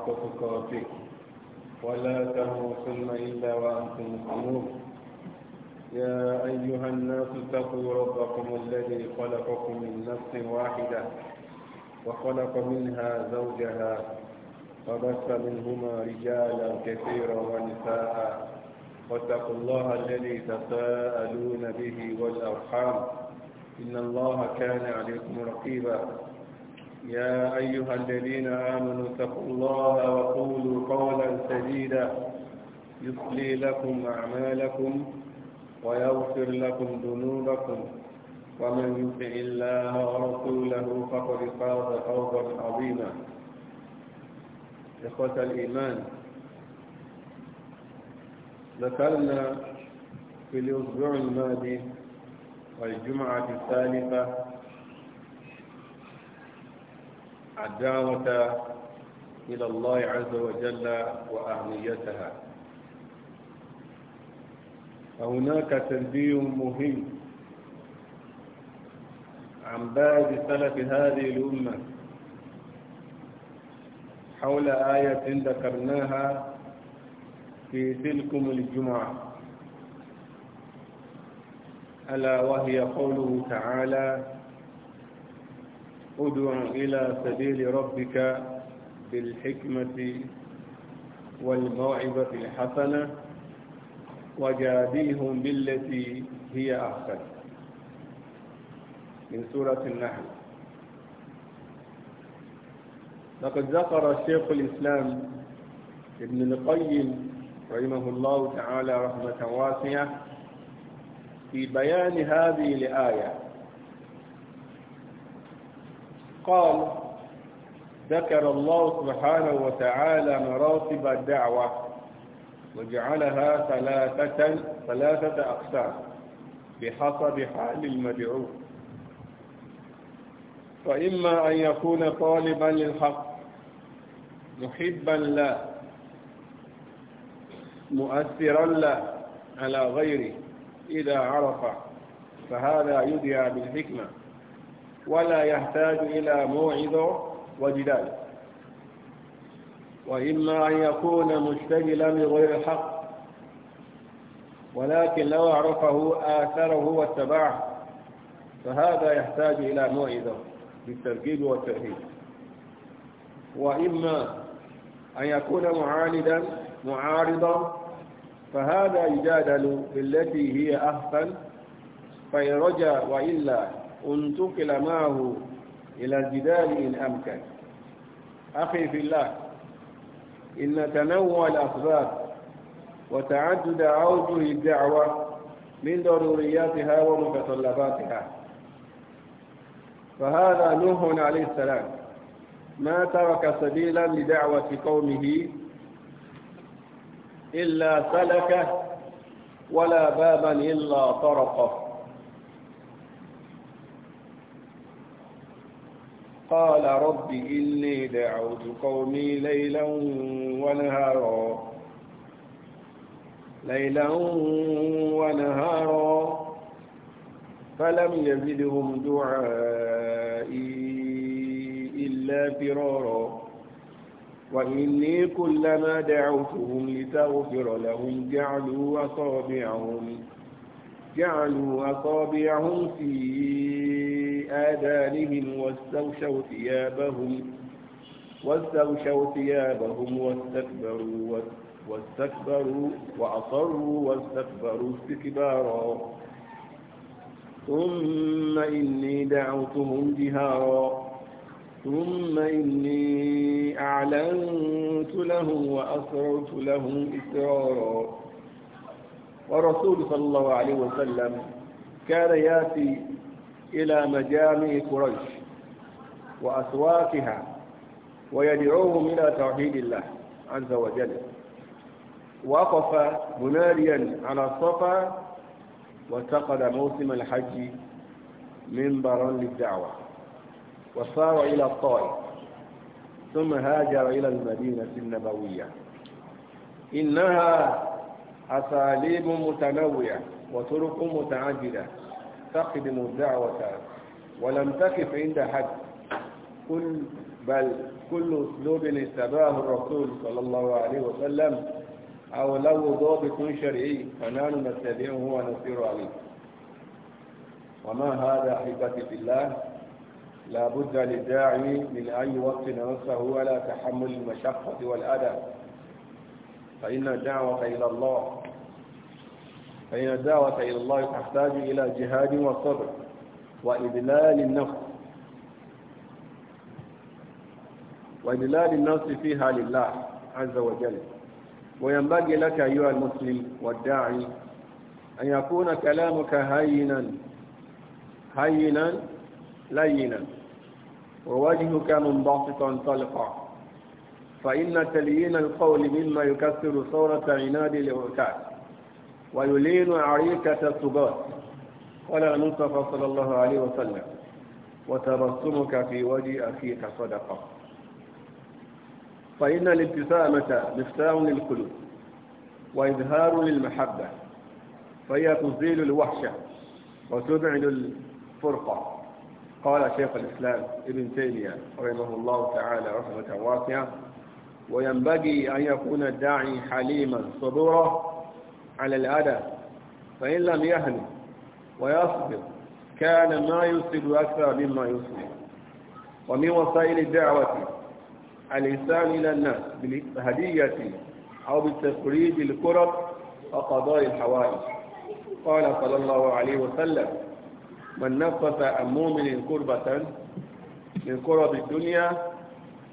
حق تقاته ولا تموتن إلا وأنتم مسلمون يا أيها الناس اتقوا ربكم الذي خلقكم من نفس واحدة وخلق منها زوجها فبث منهما رجالا كثيرا ونساء واتقوا الله الذي تساءلون به والأرحام إن الله كان عليكم رقيبا يا أيها الذين آمنوا اتقوا الله وقولوا قولا سديدا يصلي لكم أعمالكم ويغفر لكم ذنوبكم ومن يطع الله ورسوله فقد فاز فوزا عظيما إخوة الإيمان ذكرنا في الأسبوع الماضي والجمعة الثالثة الدعوة إلى الله عز وجل وأهميتها فهناك تنبيه مهم عن بعض سلف هذه الأمة حول آية ذكرناها في تلكم الجمعة ألا وهي قوله تعالى ادع إلى سبيل ربك بالحكمة والموعظة الحسنة وجادلهم بالتي هي أحسن من سورة النحل لقد ذكر شيخ الإسلام ابن القيم رحمه الله تعالى رحمة واسعة في بيان هذه الآية قال ذكر الله سبحانه وتعالى مراتب الدعوة وجعلها ثلاثة, ثلاثة أقسام بحسب حال المدعو فإما أن يكون طالبا للحق محبا له مؤثرا له على غيره إذا عرف فهذا يدعى بالحكمة ولا يحتاج إلى موعظة وجدال وإما أن يكون مشتغلا بغير حق ولكن لو عرفه آثره واتبعه فهذا يحتاج إلى موعظة بالتركيب والترهيب وإما أن يكون معاندا معارضا فهذا يجادل بالتي هي أحسن فإن وإلا انتقل معه إلى الجدال إن أمكن أخي في الله إن تنوع الأسباب وتعدد أوجه الدعوة من ضرورياتها ومتطلباتها فهذا نوح عليه السلام ما ترك سبيلا لدعوة قومه إلا سلكه ولا بابا إلا طرقه قال رب إني دعوت قومي ليلا ونهارا ليلا ونهارا فلم يزدهم دعائي إلا فرارا وإني كلما دعوتهم لتغفر لهم جعلوا أصابعهم جعلوا أصابعهم في آذانهم واستغشوا ثيابهم واستغشوا ثيابهم واستكبروا واستكبروا وأصروا واستكبروا استكبارا ثم إني دعوتهم جهارا ثم إني أعلنت لهم وأسررت لهم إسرارا ورسول صلى الله عليه وسلم كان يأتي إلى مجامع قريش وأسواقها ويدعوهم إلى توحيد الله عز وجل وقف مناليا على الصفا واتخذ موسم الحج منبرا للدعوة وصار إلى الطائف ثم هاجر إلى المدينة النبوية إنها أساليب متنوعة وطرق متعددة تخدم الدعوة ولم تقف عند حد كل بل كل أسلوب استباه الرسول صلى الله عليه وسلم أو له ضابط شرعي فنحن نتبعه ونسير عليه وما هذا أحبتي في الله لا بد للداعي من أن وقت نفسه على تحمل المشقة والأذى فإن الدعوة إلى الله فإن الدعوة إلى الله تحتاج إلى جهاد وصبر وإذلال النفس وإذلال النفس فيها لله عز وجل وينبغي لك أيها المسلم والداعي أن يكون كلامك هينا هينا لينا ووجهك منبسطا طلقا فإن تليين القول مما يكسر صورة عناد العتاد ويلين عريكة الثبات قال المصطفى صلى الله عليه وسلم وتبصمك في وجه أخيك صدقة فإن الابتسامة مفتاح للقلوب وإظهار للمحبة فهي تزيل الوحشة وتبعد الفرقة قال شيخ الإسلام ابن تيمية رحمه الله تعالى رحمة واسعة وينبغي أن يكون الداعي حليما صبورا على الأداء فإن لم يهن ويصبر كان ما يفسد أكثر مما يصلح ومن وسائل الدعوة الإنسان إلى الناس بالهدية أو بالتفريج الكرب وقضاء الحوائج قال صلى الله عليه وسلم من نفس عن مؤمن كربة من كرب الدنيا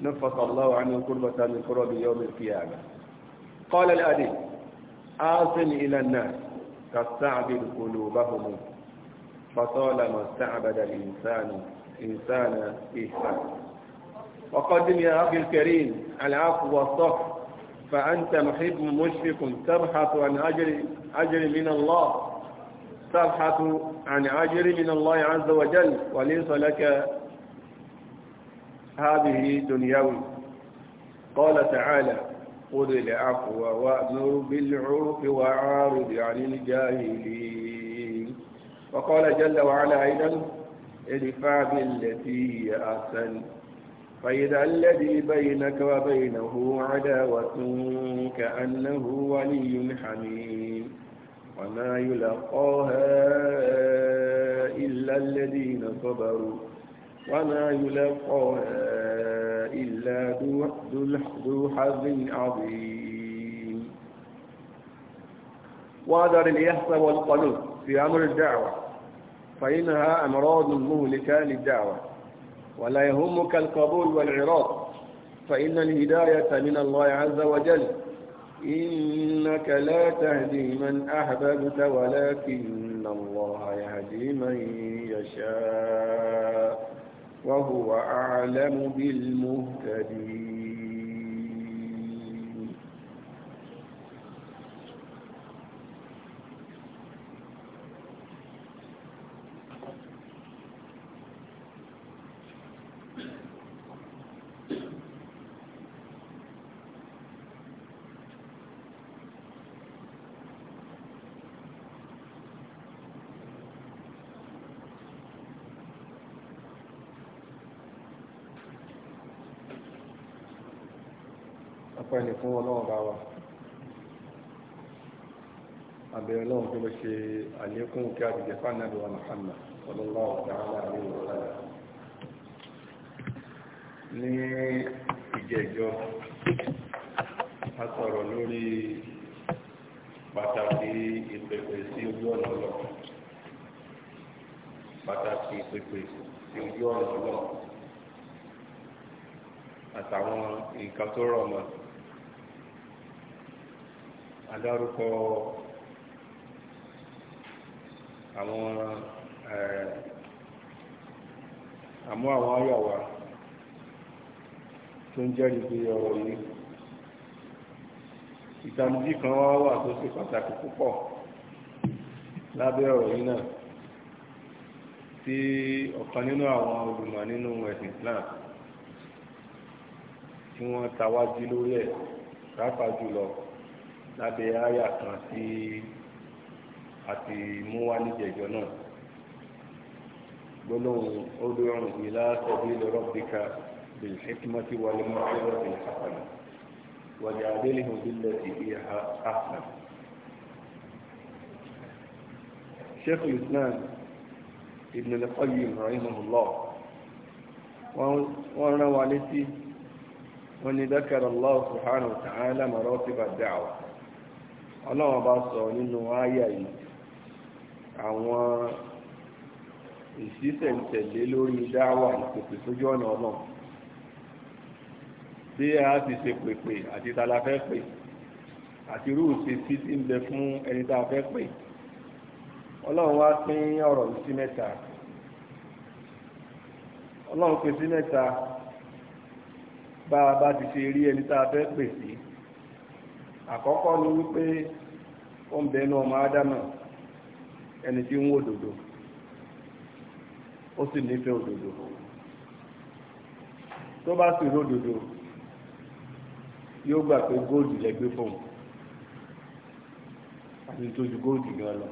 نفس الله عنه كربة من كرب يوم القيامة قال الأديب آسن إلى الناس تستعبد قلوبهم فطالما استعبد الإنسان إنسان إحسان وقدم يا أخي الكريم العفو والصف فأنت محب مشفق تبحث عن أجر, أجر من الله تبحث عن أجر من الله عز وجل وليس لك هذه دنيوي قال تعالى خذ العفو وأمر بالعرف وعارض عن الجاهلين وقال جل وعلا أيضا ادفع بالتي هي أحسن فإذا الذي بينك وبينه عداوة كأنه ولي حميم وما يلقاها إلا الذين صبروا وما يلقاها إلا ذو حظ عظيم وأدر اليأس والقلوب في أمر الدعوة فإنها أمراض مهلكة للدعوة ولا يهمك القبول والعراض فإن الهداية من الله عز وجل إنك لا تهدي من أحببت ولكن الله يهدي من يشاء وهو أعلم بالمهتدين kalẹ̀ fún ọlọ́run bá wa àbẹ̀rẹ̀ lọ́wọ́ tó ṣe àlékún kí a jẹ́ fún ànábì wa Muhammad a lórí pàtàkì ìpèpè sí ojú adárúkọ àwọn àmú àwọn ayàwá tó ń jẹ́rìí pé ọ̀rọ̀ yìí ìtàmójì kan wá wà tó ṣe pàtàkì púpọ̀ lábẹ́ ọ̀rọ̀ yìí náà tí ọ̀kan nínú àwọn olùmọ̀ nínú ẹ̀sìn Islam tí wọ́n tawájú lórí ẹ̀ pàápàá jùlọ lábẹ́ àyà kan tí àti mú wá níjẹ̀jọ́ náà gbólóhùn odòrùn ìlà sọ̀bí lọ́rọ̀ bíkà بالحكمة والموعظة الحسنة وجادله بالتي هي أحسن شيخ الإسلام ابن القيم رحمه الله وروى لسي وأن ذكر الله سبحانه وتعالى مراتب الدعوة ọlọ́wọ́n bá sọ nínú àyà yìí àwọn ìsísẹ̀ntẹ̀lé lórí dáwà ìpèpè sójú ọ̀nà ọlọ́run bí a ti ṣe pèpè àti ta la fẹ́ pè àti irú ṣe sí ti ń bẹ fún ẹni tá a fẹ́ pè ọlọ́run wá pín ọ̀rọ̀ yìí sí mẹ́ta ọlọ́run pín sí mẹ́ta bá a bá ti ṣe rí ẹni tá a fẹ́ pè sí àkọ́kọ́ ni wípé ó ń bẹ inú ọmọ ádámà ẹni tí ń wò òdodo ó sì nífẹ̀ẹ́ òdodo tó bá sì rí òdodo yóò gbà pé góòlù lẹ́gbẹ́ fún un àti tó ju góòlù gan lọ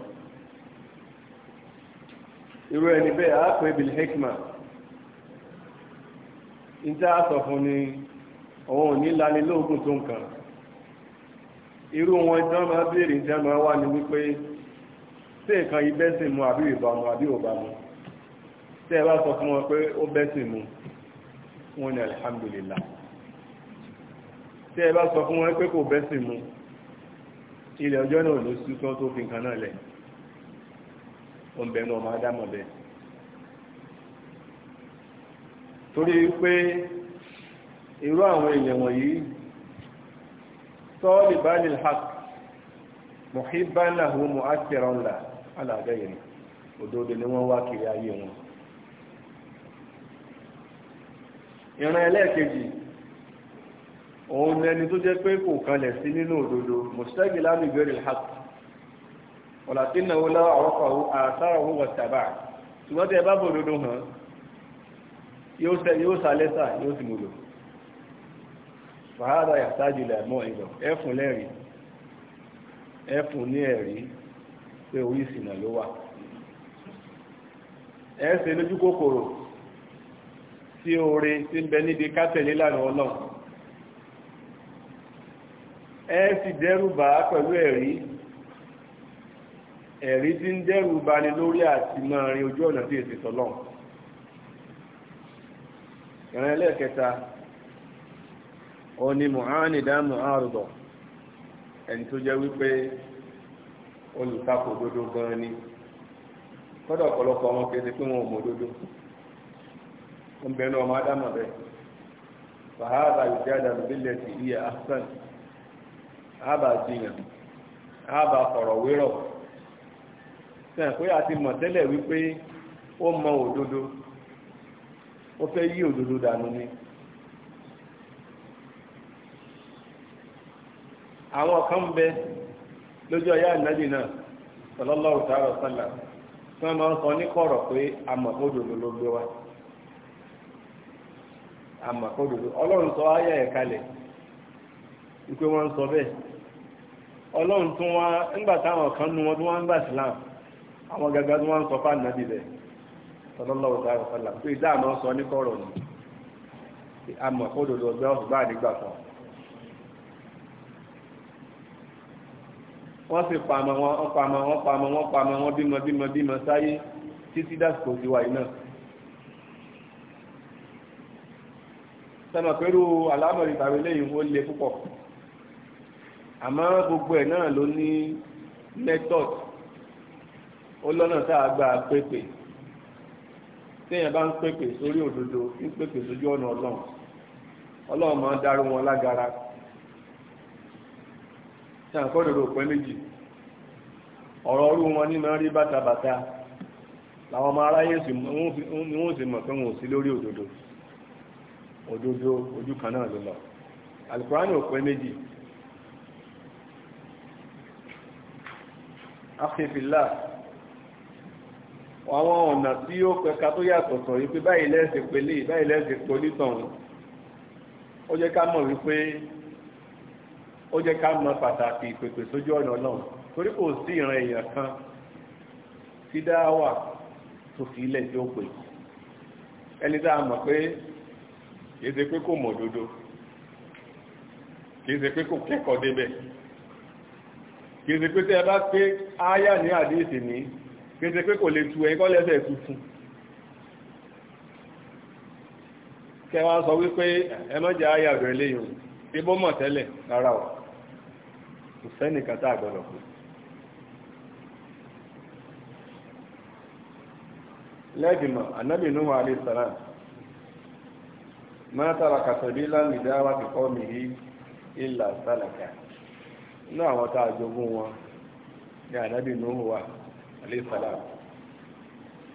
irú ẹni bẹ́ẹ̀ á pè bil hekima níta sọ fún ni òun ò ní lanilóògùn tó nǹkan irú wọn tí wọ́n máa béèrè tí wọ́n máa wá ní wípé tí nǹkan yìí bẹ́sìn mu àbí ìbá mu àbí òbá mu tí ẹ bá sọ fún wọn pé ó bẹ́sìn mu wọn ni alhamdulillah tí ẹ bá sọ fún wọn pé kò bẹ́sìn mu ilẹ̀ ọjọ́ náà ló sú tán tó fi nǹkan náà lẹ̀ ọ̀bẹ̀ náà máa dámọ̀ bẹ́ẹ̀ torí pé irú àwọn èèyàn wọ̀nyí طالبان الحق محبا له مؤثرا له على غيره òdodo ni wọ́n wá kiri ayé wọn ìran ẹlẹ́ẹ̀kejì òun ẹni tó jẹ́ pé kò kanlẹ̀ sí nínú òdodo mùsùlùmí lábì bẹ̀rẹ̀ hàp ọ̀làtí náwó láwọn àwọ́kọ̀ àṣàrò owó wọ̀tàbà ṣùgbọ́n tí ẹ bá bọ̀ òdodo hàn yóò sàlẹ́sà yóò sì múlò fàhádà yàtájú lẹ́mọ́ ìlọ ẹ̀fún lẹ́rìí ẹ̀fún ní ẹ̀rí pé orí ìsìnà ló wà ẹ̀ẹ́sẹ̀ lójú kòkòrò tí oore tí ń bẹ níbi kátẹ̀lé lánàá ọlọ́run ẹ̀ẹ́sì dẹ́rù bá pẹ̀lú ẹ̀rí ẹ̀rí tí ń dẹ́rù bá lórí àti máa rin ojú ọ̀nà tí èsì tọ́lọ́run ìrìn ó ní mùhánìdá mùhárùbọ̀ ẹni tó jẹ́ wípé olùtakò dodo gan ni kọ́dọ̀ ọ̀pọ̀lọpọ̀ wọn kéde dodo ń bẹ náà máa dámọ̀ bẹ́ẹ̀ fàhálà ìjáda lórílẹ̀ sí iye afghan àbà jiyàn àbà fọ̀rọ̀ wérọ̀ a ti mọ̀ tẹ́lẹ̀ wípé ó mọ òdodo ó fẹ́ yí òdodo dànù àwọn kan bẹ lójú ọyá ànábì náà sallallahu ta'ala sallam tí wọ́n máa ń sọ ní pé àmọ̀kódòdó ló gbé wa àmọ̀kódòdó ọlọ́run sọ ayé ẹ̀ kalẹ̀ wípé wọ́n ń sọ bẹ́ẹ̀ ọlọ́run tún wá ńgbà táwọn kan nu wọn tí wọ́n ń gbà sílám àwọn gàgà tí wọ́n ń sọ fáànù náà bẹ̀ sallallahu ta'ala pé ìdáàmú sọ ní kọ̀rọ̀ ni àmọ̀kódòdó ọgbẹ́ ọ̀sùn bá àdígbà kan wọ́n sì pàmọ́ wọn pàmọ́ wọn pàmọ́ wọn pàmọ́ wọn bímọ bímọ bímọ sáyé títí dásìkò ìwà iná sẹ́nà pẹ̀lú alámọ̀rí tàbí lẹ́yìn ó le púpọ̀ àmọ́ gbogbo ẹ̀ náà ló ní method ó lọ́nà tá a gbà pépè téèyàn bá ń pépè sórí òdodo ń pépè sójú ọ̀nà ọlọ́run ọlọ́run máa ń darí wọn lágara tí a kọ́dọ̀dọ̀ òpẹ́ méjì ọ̀rọ̀ ọrú wọn ní mẹ́rin bàtàbàtà làwọn ọmọ aráyé ni wọ́n sì mọ̀ pé wọn ò sí lórí òdodo òdodo ojú kan náà ló lọ alukurani òpẹ́ méjì afẹ́fìlà àwọn ọ̀nà tí ó pẹ̀ka tó yàtọ̀tọ̀ yìí pé báyìí lẹ́sẹ̀ pẹ̀lẹ́ báyìí lẹ́sẹ̀ pẹ̀lítọ̀hún ó jẹ́ ká mọ̀ wípé ó jẹ́ ká mọ pàtàkì ìpèpè sójú ọ̀nà náà torí kò sí ìran èèyàn kan tí dáwà tó fi ilẹ̀ tí ó pè ẹni tá a mọ̀ pé kìí ṣe pé kò mọ̀ òdodo kìí ṣe pé kò kẹ́kọ̀ọ́ débẹ̀ kìí ṣe pé tẹ́ ẹ bá pé áyà ní àdéhìsì ní kìí ṣe pé kò lè tu ẹ̀yìn kọ́lẹ́sẹ̀ tuntun kẹwàá sọ wípé ẹ mọ́jà áyà rẹ̀ léyìn tí bó mọ̀ tẹ́lẹ̀ rárá o kò sẹ́nìkan tá àgbọ̀dọ̀ kù. lẹ́bìmọ̀ anábì Nuhu alayhi salam máa tara kàtàbí láàmì dáwà ti kọ́ mi rí ìlà sálàkà inú àwọn tá a jogún wọn ní anábì Nuhu wa alayhi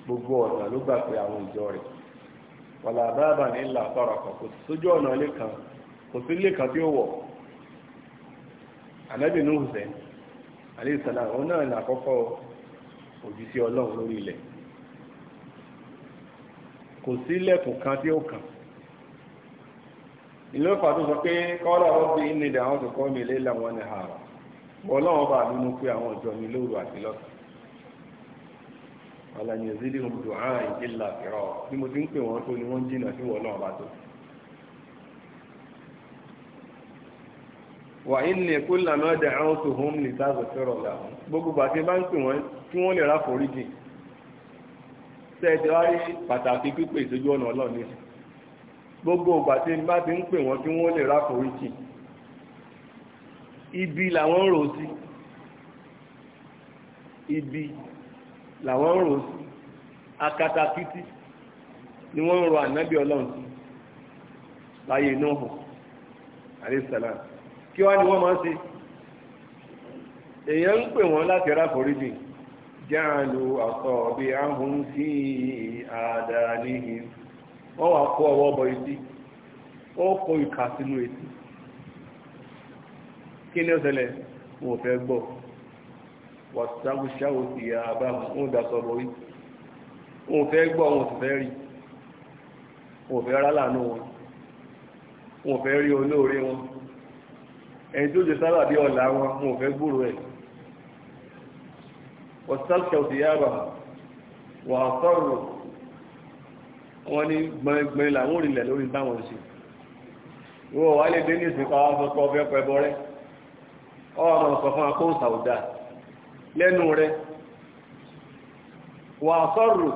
gbogbo ọ̀nà ló gbà pé àwọn ìjọ rẹ̀ wàlà ní ìlà tọrọ kọ̀ kò sójú ọ̀nà ilé kan kò sí ilé kan tí ó wọ̀ ànábì ní hùsẹ̀ àlẹ́sàlá òun náà ní àkọ́kọ́ òjíṣẹ́ ọlọ́run lórí ilẹ̀ kò sí ilẹ̀kùn kan tí ó kàn ìlú ìfà tó sọ pé kọ́lá ọ̀bí ní ìdá àwọn kòkó mi lé làwọn ní ààrọ̀ ọlọ́run bá nínú pé àwọn ìjọ mi lóru àti lọ́sàn ọ̀làyìn ìzílẹ̀ òmùdù àárín ìjìlá ìrọ̀ bí mo ti ń pè wọ́n tó ni wọ́n jìnnà sí wọ́n náà bá tó wà ní kúlà náà dẹ̀ àwọn tó hùn lè dáàbò fẹ́rọ̀ là gbogbo bàtí bá ń pè wọ́n kí wọ́n lè ráforí jìn tẹ́ẹ̀tì wá rí pàtàkì pípé ìdójú ọ̀nà ọlọ́ọ̀ni gbogbo bàtí bá ti ń pè wọ́n kí wọ́n lè ráforí jìn ibi làwọn rò sí ibi làwọn rò sí akatakítí ni wọ́n ń rò ànábì ọlọ́run láyé náà hàn àlẹ́ kí wá ni wọ́n máa ń ṣe èèyàn ń pè wọ́n láti ra foríjì jáàlù àtọ̀ bí ahùn sí àdára níhi wọ́n wà kó ọwọ́ bọ etí ó kó ìka sínú etí kí ni ó ṣẹlẹ̀ wọn ò fẹ́ gbọ́ wàtàkùsáwò sí àbá wọn dàtọ̀ bọ̀ yìí wọn ò fẹ́ gbọ́ wọn sì fẹ́ rí wọn fẹ́ rálànú wọn wọn fẹ́ rí olóore wọn ẹni tí ó jẹ sábà bí ọ̀la wọn mo fẹ́ gbúrò ẹ̀ ọ̀sálkẹ̀ òsì yára wà sọ̀rọ̀ wọn ní gbẹngbẹn làwọn òrìlẹ̀ lórí táwọn ṣe wọ́n wà lè dé ní ìsìnkú àwọn sọ pé ọbẹ̀ pẹ̀bọ rẹ ọ̀rọ̀ sọ fún akóhùn sàwùdà lẹ́nu rẹ wà sọ̀rọ̀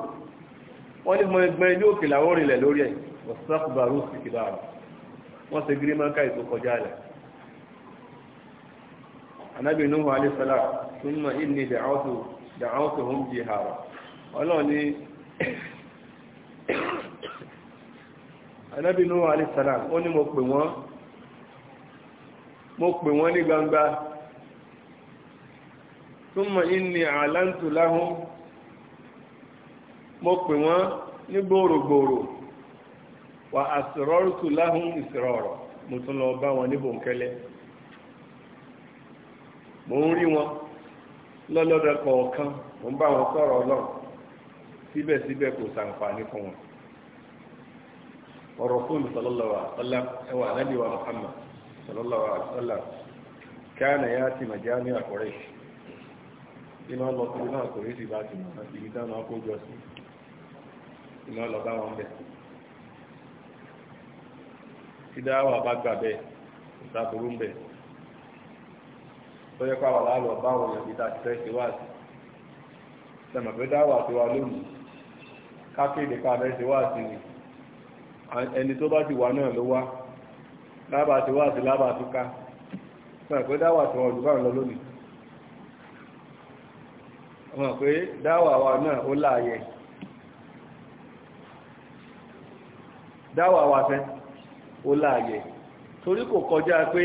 wọ́n ní gbẹngbẹn ilé òkè làwọn òrìlẹ̀ lórí ẹ̀ ọ̀sálkẹ̀ bàrú sí kìláàrọ̀ wọ́n ṣe ìtòkọjá rẹ̀ alisala nuhu alayhisalaam thumma inni da'awtu da'awtuhum jihara ọlọ́run ní anábì nuhu alayhisalaam ó ní mo pè wọ́n mo pè wọ́n ní gbangba thumma inni a'lantu lahum mo pè wọ́n ni gbòrògbòrò wa asrartu lahum ìsìrọ̀rọ̀ mo tún lọ bá wọn ní mò ń wọn lọ́lọ́dọ̀ kọ̀ọ̀kan ń bá wọn sọ̀rọ̀ ọlọ́run síbẹ̀síbẹ̀ kò sàǹfààní fún wọn ọ̀rọ̀ fún mi sọlọ́lọ́wà ẹwà Muhammad sọlọ́lọ́wà ọ̀lá káàna yá ti màjá ní àkọ́rẹ́ iná lọ sí iná àkọ́rẹ́ sì bá ti mọ̀ àti ibi táwọn akójọ sí lọ bá wọn bẹ̀ bá gbà bẹ́ẹ̀ tó yẹ káwà láàlọ́ báwọn èèyàn bíi láti fẹ́ ṣe wá sí sẹ̀mọ̀ pé dáwà tiwa lónìí kákéde ká fẹ́ ṣe wá sí ni ẹni tó bá ti wà náà ló wá lábàá ti wá sí lábàá tó ká sẹ̀mọ̀ pé dáwà tiwa olùkọ́ ìlọ lónìí wọn pé dáwà wa náà ó láàyè dáwà wa fẹ́ ó láàyè torí kò kọjá pé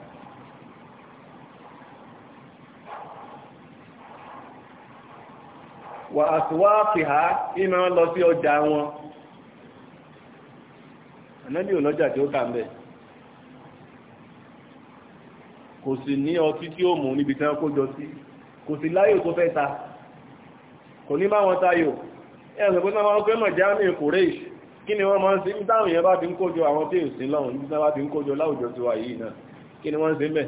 wà àtúwáàfìhá ìmọ̀ lọ sí ọjà wọn ànábì òlọ́jà tí ó kà ń bẹ̀ kò sì ní ọtí tí ó mú níbi tí wọ́n kó jọ sí kò sì láyò tó fẹ́ ta kò ní máa wọn tayò wọ́n pẹ́ ni wọ́n máa ń sí ní táwọn èèyàn bá fi ń kójọ àwọn tí ìsìn lọ́hùn nígbà bá fi ń kójọ láwùjọ ti wà yìí náà kí ni wọ́n ń ṣe ń bẹ̀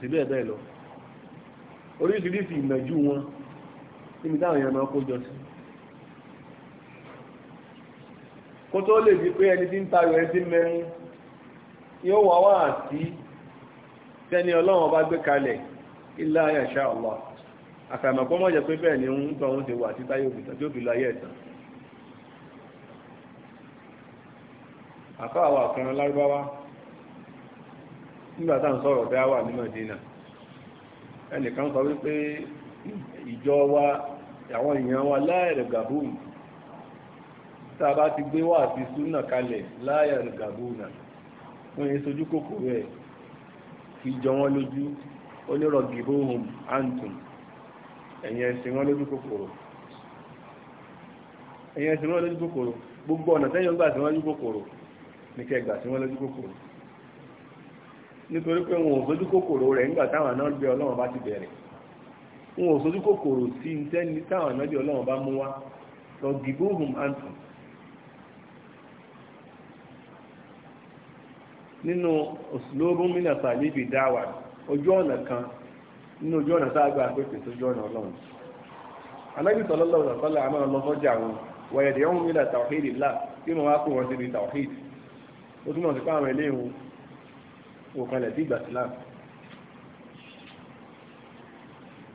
àti bẹ́ẹ̀ bẹ́ẹ̀ lọ oríṣiríṣi ìmẹ̀jú wọn níbi táwọn èèyàn máa kó jọ sí kó tó lè di pé ẹni tí ń tayọ ẹni tí ń mẹ́rin yóò wá wá àti tẹni ọlọ́run ọba gbé kalẹ̀ ilá àyàṣà ọlọ́ àfàmọ̀pọ̀ mọ̀ jẹ́ pé bẹ́ẹ̀ ni ń tọ́ òun ti wà títà yóò fi tàbí òbí láyé ẹ̀tàn àkọ́ àwọn àkànrán lárúbáwá nígbàtà ń sọ̀rọ̀ bí a wà ní Madina ẹnìkan sọ wípé ìjọ wa àwọn èèyàn wa láẹ̀rẹ̀ gàbùn tá a bá ti gbé wà sí súnà kalẹ̀ láẹ̀rẹ̀ gàbùn wọ́n yẹn sojú kòkòrò ẹ̀ fi jọ wọ́n lójú onírọ̀ gìbóhùn antum ẹ̀yìn ẹ̀sìn wọ́n lójú gbogbo ọ̀nà na gbà sí wọn lójú kòkòrò ní kẹgbà sí nítorí pé wọn ò sójú kòkòrò rẹ̀ nígbà táwọn náà gbé ọlọ́run bá ti bẹ̀rẹ̀ wọn ò sójú kòkòrò sí tẹ́ni táwọn náà gbé ọlọ́run bá mú wá lọ hùm nínú kan nínú ojú ọ̀nà tá a gba ọ̀nà ọlọ́run àmọ́ ọlọ́fọ́jà wọn wọ̀yẹ̀dẹ̀ ọ̀hún wá kó wọn sí ní ó túmọ̀ òkànlẹ̀ sí ìgbà Islam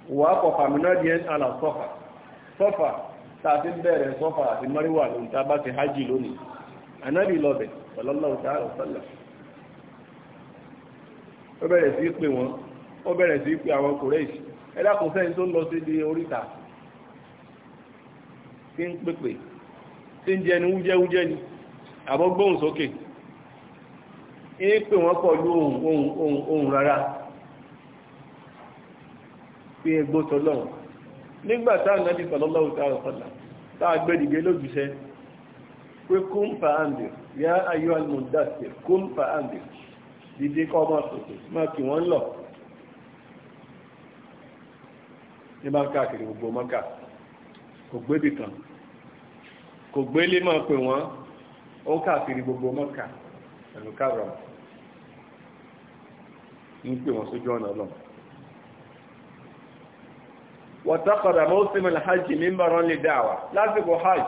wà kọfà mìíràn àlà sọ́fà sọ́fà tààtí bẹ̀rẹ̀ sọ́fà àti mọ́ríwà lóun tá bá ti hajj lónìí anábì lọ́bẹ̀ sallallahu ta'ala sallam ó bẹ̀rẹ̀ sí pé wọn ó bẹ̀rẹ̀ sí pé àwọn kòrèṣì ẹ̀dàkùn sẹ́yìn tó ń lọ sí di oríta tí ń pèpè tí ń jẹni wújẹ́wújẹ́ ni àbọ́gbóhùn sókè é wọ́n pọ̀ ohun ohun ohun rárá pé ẹgbó tọ́lọ́run nígbà náà di sallallahu ta'ala sallam táà gbẹ́dìgbé lójúṣẹ́ pé kún fa àǹdì yá ayọ́ almuddathir kún fa àǹdì dídé kọ́ ọmọ sòtò máa kì wọ́n lọ ní máa káàkiri gbogbo mọ́kà kò gbébì kan kò gbélé máa pè wọ́n ó káàkiri gbogbo pẹ̀lú ń wọ́n sójú ọ̀nà lọ. wọ́tàkọ̀dà mọ́sílẹ̀ alhajj mímbàrán lè dáwà lásìkò hajj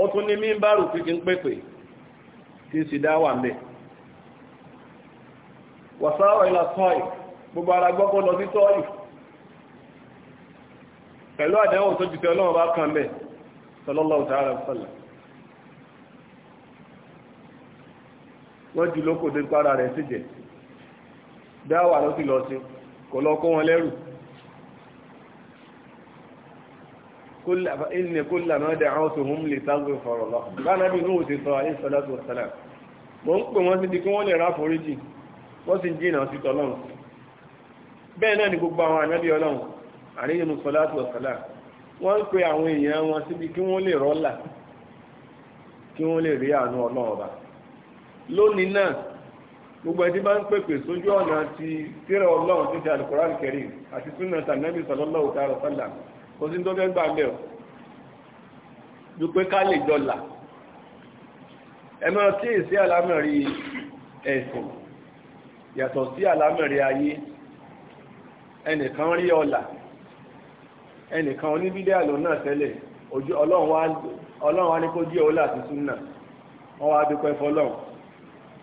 ó tún ní mímbàrù fífi ń tí sì dáwà mẹ́ wàsáwọ̀ ìlà tọ́ì gbogbo ara gbọ́kọ́ lọ sí tọ́ì pẹ̀lú àdẹ́wò tó jùtẹ́ ọlọ́run bá kàn mẹ́ sallallahu ta'ala sallam wọ́n jù lókò dé para rẹ̀ síjẹ̀ dáwà ló sì lọ sí kò lọ kó wọn lẹ́rù inni lànà náà dẹ̀ àwọn tó hùm lè sáàgbé fọ̀rọ̀ lọ bí inú òsè sọ ayé sọ́dọ̀tò sẹ́lẹ̀ mo ń pè wọ́n sí di kí wọ́n lè ráforíjì wọ́n sì jìnà sí bẹ́ẹ̀ náà ni gbogbo àwọn ọlọ́run sẹ́lẹ̀ wọ́n ń pe àwọn èèyàn wọn gbogbo ẹni bá ń pèpè sójú ọ̀nà àti tírà ọlọ́run tó ṣe alukoran kẹrin àti súnà tànàbí sallallahu ta'ala sálà kò sí tó fẹ́ gbà bẹ́ ọ ju pé ká lè dọ́là ẹ máa kíyèsí àlámọ̀rí ẹ̀sìn yàtọ̀ sí àlámọ̀rí ayé ẹnìkan rí ọlà ẹnìkan oníbídẹ́ àlọ́ náà tẹ́lẹ̀ ọlọ́run wá ní kó jẹ́ ọlà àti súnà wọ́n wá dúpẹ́ fọlọ́run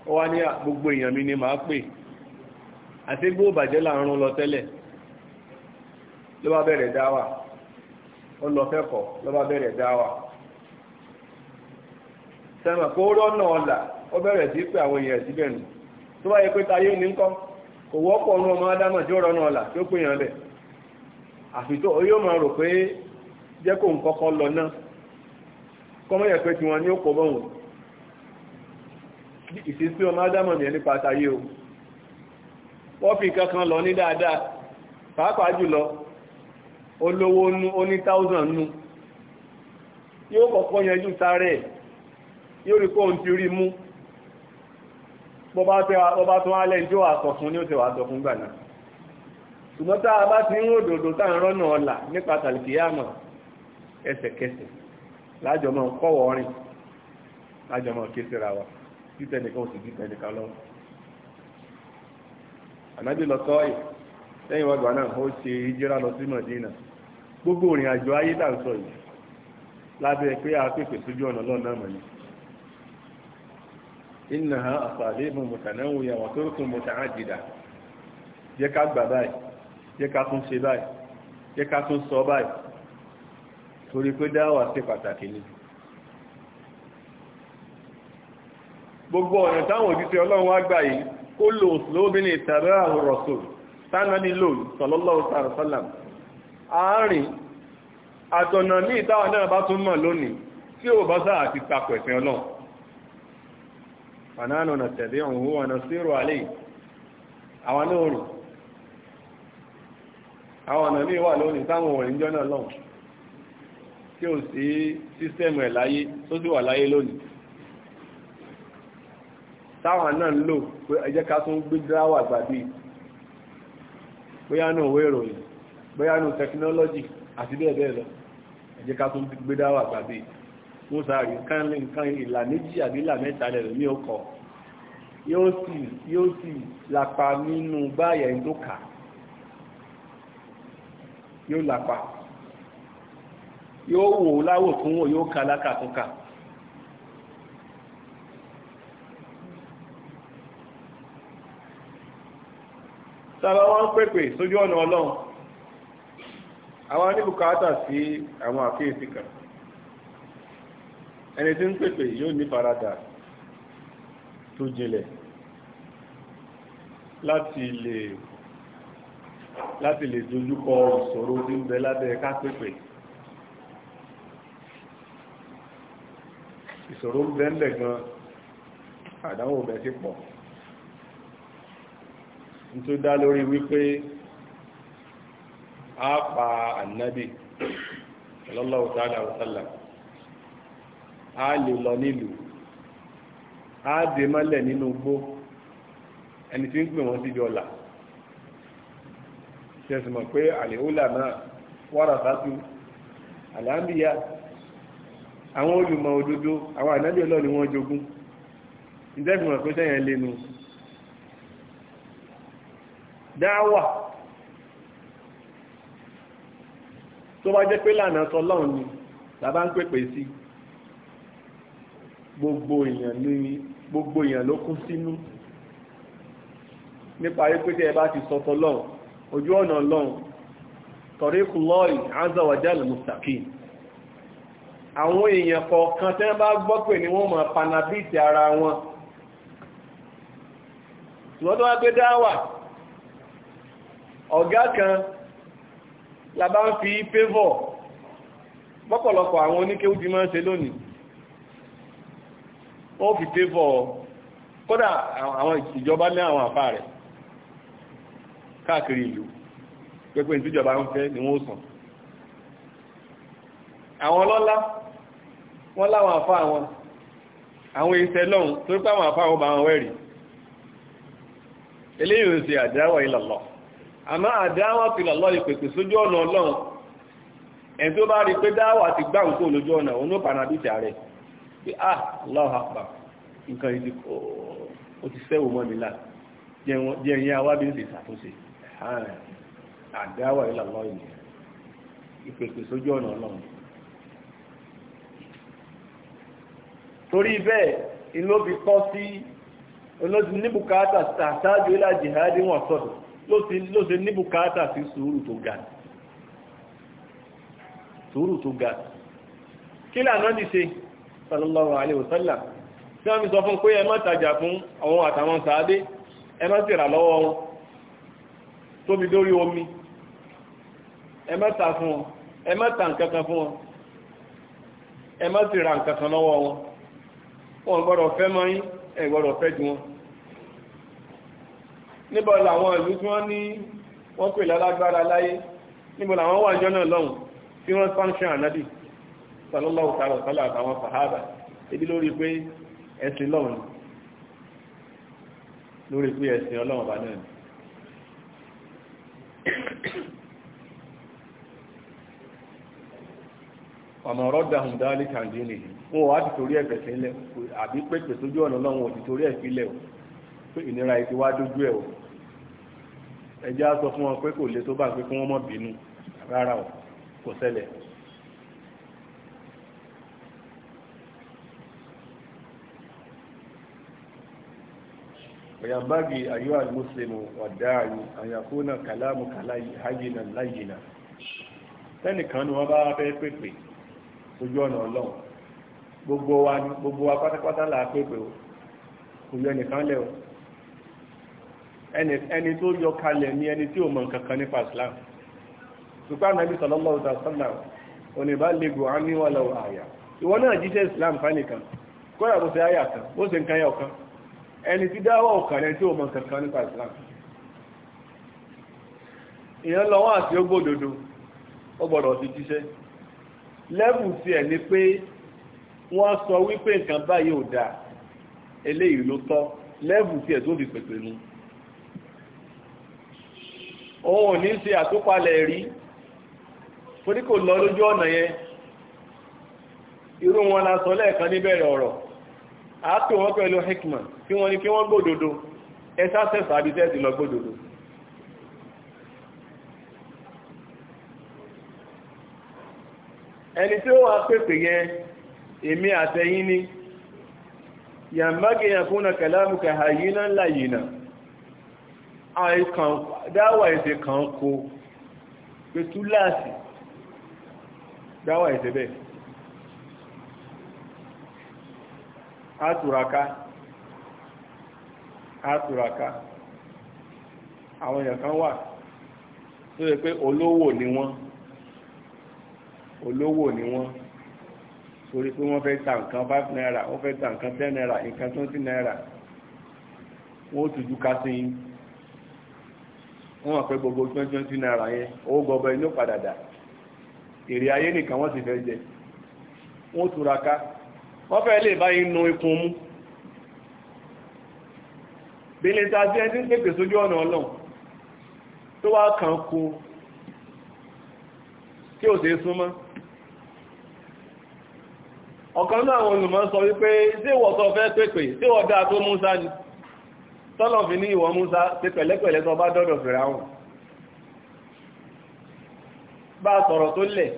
ó wá ní gbogbo èèyàn mi ni màá pè àti gbó bàjẹ́ láàrún lọ tẹ́lẹ̀ ló bá bẹ̀rẹ̀ dáwà ó lọ fẹ́kọ̀ọ́ ló bá bẹ̀rẹ̀ dáwà sẹ́mọ̀ kó rọ́nà ọ̀là ó bẹ̀rẹ̀ sí pé àwọn èèyàn síbẹ̀ tó bá yẹ pé tayé ní kọ́ kò wọ́pọ̀ ọmọ adámọ̀ tí ó tí ó pè yàn lẹ̀ àfitó ó yóò máa rò pé jẹ́ kó ìsísí ọmọ ádámọ̀ ní ẹni pàtàyé o wọ́n fi kankan lọ ní dáadáa pàápàá jùlọ olówó nú ó ní thousand nú yóò kọ́kọ́ yanjú sáré yóò rí kóhun ti rí mú bọ́bá tó wá lẹ́jọ́ àsọ̀fún ní ó ti wà àsọ̀fún gbà náà ṣùgbọ́n tá a bá ti ń òdòdó tá à ń rọ́nà ọ̀la nípa tàlìkìyàmọ̀ ẹsẹ̀kẹsẹ̀ lájọmọ̀ kọ́wọ́ rìn lájọmọ̀ kí síra wa títẹ̀ nìkan ò sì títẹ̀ nìkan lọ. ànábì lọ sọ ẹ̀ lẹ́yìn wàgbà náà ó ṣe ìjírá lọ sí mọ̀dínà gbogbo òrìn àjò ayé dà ń sọ yìí lábẹ́ pé a pèpè sójú ọ̀nà lọ́nà mọ̀ ni. iná àpàdé mu mùtànáwó yà wọ́n tó kún mùtàná jìdà jẹ́ ká gbà báyìí jẹ́ ká tún ṣe báyìí jẹ́ ká tún sọ báyìí torí pé dáwà ṣe pàtàkì ni. gbogbo ọ̀nà táwọn òjíṣẹ́ ọlọ́run wá gbà yìí kó lò lóbìnrin ìtàrí àwọn rọ̀sùn tánàlì lò sallallahu alaihi wasallam àárín àtọ̀nà ní ìtàwọn náà bá tún mọ̀ lónìí tí ò bá sáà ti takò ẹ̀sìn ọlọ́run fanánà táwọn náà ń lò pé ẹ jẹ́ ká tún gbé díráwà gbàdí bóyá náà wéèrò yìí bóyá náà tẹkinọ́lọ́jì àti bẹ́ẹ̀ bẹ́ẹ̀ lọ ẹ jẹ́ ká tún gbé díráwà gbàdí wọ́n sáré nǹkan ìlà méjì àbí ìlà mẹ́ta lẹ̀rọ ní ọkọ̀ yóò sì yóò sì lápa nínú báyẹ̀ ń tó kà yóò lápa yóò wò láwò fún wò yóò ka lákàtúnkà tàbí wọ́n ń pèpè sójú ọ̀nà ọlọ́run àwọn oníbùkátà sí àwọn àkíyèsí kan ẹni tí ń pèpè yóò ní faradà tó jinlẹ̀ láti lè láti lè dojúkọ ìṣòro tí ń bẹ lábẹ́ ká pèpè ìṣòro ń bẹ ń bẹ gan àdánwò bẹ sí pọ̀ tó dá lórí wípé a pa ànábì sallallahu ta'ala wa sallam a lè lọ nílùú a dè mọ́lẹ̀ nínú igbó ẹni tí ń pè wọ́n síbi ọ̀la ṣẹ̀sì mọ̀ pé àlèhólà náà wọ́rà sátú àlàábíyá àwọn olùmọ̀ òdodo àwọn ànábì Ọlọ́run ni wọ́n jogún ìdẹ́gbìmọ̀ pé sẹ́yìn lẹ́nu dáwà tó bá jẹ́ pé lànà ni bàbá ń pèpè sí gbogbo èèyàn ló kún sínú nípa wípé tí ẹ bá ti sọ tọ́lọ́run ojú ọ̀nà ọlọ́run tọ̀ríkù lọ́ọ̀ì azza wa àwọn èèyàn ara wọn ọ̀gá kan labá ń fi pévọ̀ pọ́pọ̀lọpọ̀ àwọn oníkéwú ti máa ń ṣe lónìí ó fi pévọ̀ kódà àwọn ìjọba ní àwọn àfá rẹ̀ káàkiri ìlú pẹ́pẹ́ ìtújọba ń fẹ́ ni wọ́n sàn àwọn ọlọ́lá wọ́n láwọn àfá àwọn àwọn iṣẹ́ lọ́hun tó pẹ́ àwọn àfá àwọn bá wọn wẹ́rì eléyìí ò sí àdáwà ìlọ̀lọ̀ àmọ́ àdáwà pìlọ̀ lọ́yìn pèpè sójú ọ̀nà ọlọ́run ẹni tó bá rí pé dáwà ti gbá òun lójú ọ̀nà òun ló pàrọ̀ rẹ̀ pé ah Allahu nǹkan yìí ti sẹ́wò mọ́ nílà jẹ́ ẹ̀yìn awábí ń sì àdáwà ìlà lọ́yìn sójú ọ̀nà ọlọ́run torí ló ṣe ní bùkátà sí sùúrù tó ga sùúrù tó ga kí lànà ti ṣe sallallahu alaihi wasallam tí wọ́n fi sọ fún pé ẹ má tajà fún àwọn àtàwọn sàádé ẹ má sì rà lọ́wọ́ wọn tóbi dórí omi ẹ má ta fún wọn ẹ má ta fún wọn ẹ níbo làwọn ìlú tí wọ́n ní wọ́n pè lálágbára láyé níbo làwọn wà jọ́nà lọ́hùn tí wọ́n sanction ànábì sallallahu ta'ala sálà àtàwọn sàhábà ebi lórí pé ẹ̀sìn lọ́hùn lórí pé ẹ̀sìn ọlọ́hùn bá náà ni ọmọ ọ̀rọ̀dà hùn dáálì kàndí ni wọn wà ti torí ẹ̀fẹ̀ sílẹ̀ àbí pépè sójú ọ̀nà lọ́wọ́ òtìtorí ẹ̀fílẹ̀ o pé ìnira ìtiwá dójú ẹjẹ́ á sọ fún wọn pé kò lè tó bá pé kí wọ́n mọ̀ bínú rárá o kò ṣẹlẹ̀ وينبغي أيها المسلم والداعي أن يكون كلامك هينا لينا tẹ́nìkan ni wọ́n bá fẹ́ pèpè ojú ọ̀nà ọlọ́run gbogbo wa pátápátá là á pèpè o kò yọ ẹni tó yọ kalẹ̀ ní ẹni tí o mọ̀ kankan nípa islam ṣùgbọ́n nàbí sallallahu alaihi wasallam oníbà lè gùn án níwọ̀n lọ àyà ìwọ náà jíṣẹ́ islam fánìkan kọ́ra bó ṣe àyà kan bó ṣe nǹkan yà ọ̀kan ẹni tí dáwọ́ ọ̀kan ẹni tí mọ̀ kankan lọ ti jíṣẹ́ lẹ́bù ti ẹ̀ ni pé wọ́n sọ wípé nǹkan báyìí ò dáa eléyìí ló tọ́ lẹ́bù ti ẹ̀ tó fi pèpè mu òun ò ní ṣe àtúpalẹ̀ rí torí kò lọ lójú ọ̀nà yẹn irú wọn la sọ lẹ́ẹ̀kan níbẹ̀rẹ̀ ọ̀rọ̀ àátò wọn pẹ̀lú hikman kí wọ́n ní kí wọ́n gbòdodo ẹsà lọ gbòdodo ẹni tí ó wà pèpè yẹn èmi àtẹ̀yìn ni yàmbágẹ̀yàn fún ńlá yìí náà dáwà èdè kan kó pé túláàsì dáwà èdè bẹ́ẹ̀ átùraká átùraká àwọn èèyàn kan wà tó yẹ pé olówó ni wọ́n olówó ni wọ́n torí pé wọ́n fẹ́ ta nǹkan five naira wọ́n fẹ́ ta nǹkan ten naira nǹkan twenty naira wọ́n ó tùjú ká sí yín wọ́n wà pé gbogbo twenty twenty naira yẹn owó gọbọ inú padà dà èrè ayé nìkan wọ́n sì fẹ́ jẹ wọ́n túra ká wọ́n fẹ́ lè bá inú ikun mú bílẹ̀ ta sí ẹni pèpè sójú ọ̀nà ọlọ́run tó wá kàn kó kí ò sí súnmọ́ ọ̀kan náà àwọn olùmọ̀ sọ wípé tí ìwọ̀sọ̀ fẹ́ pèpè tí wọ́n dáa tó mú sáà tọ́lọ̀ fi ní ìwọ Musa ṣe pẹ̀lẹ́pẹ̀lẹ́ tó bá dọ́dọ̀ fìràhùn bá sọ̀rọ̀ tó lẹ̀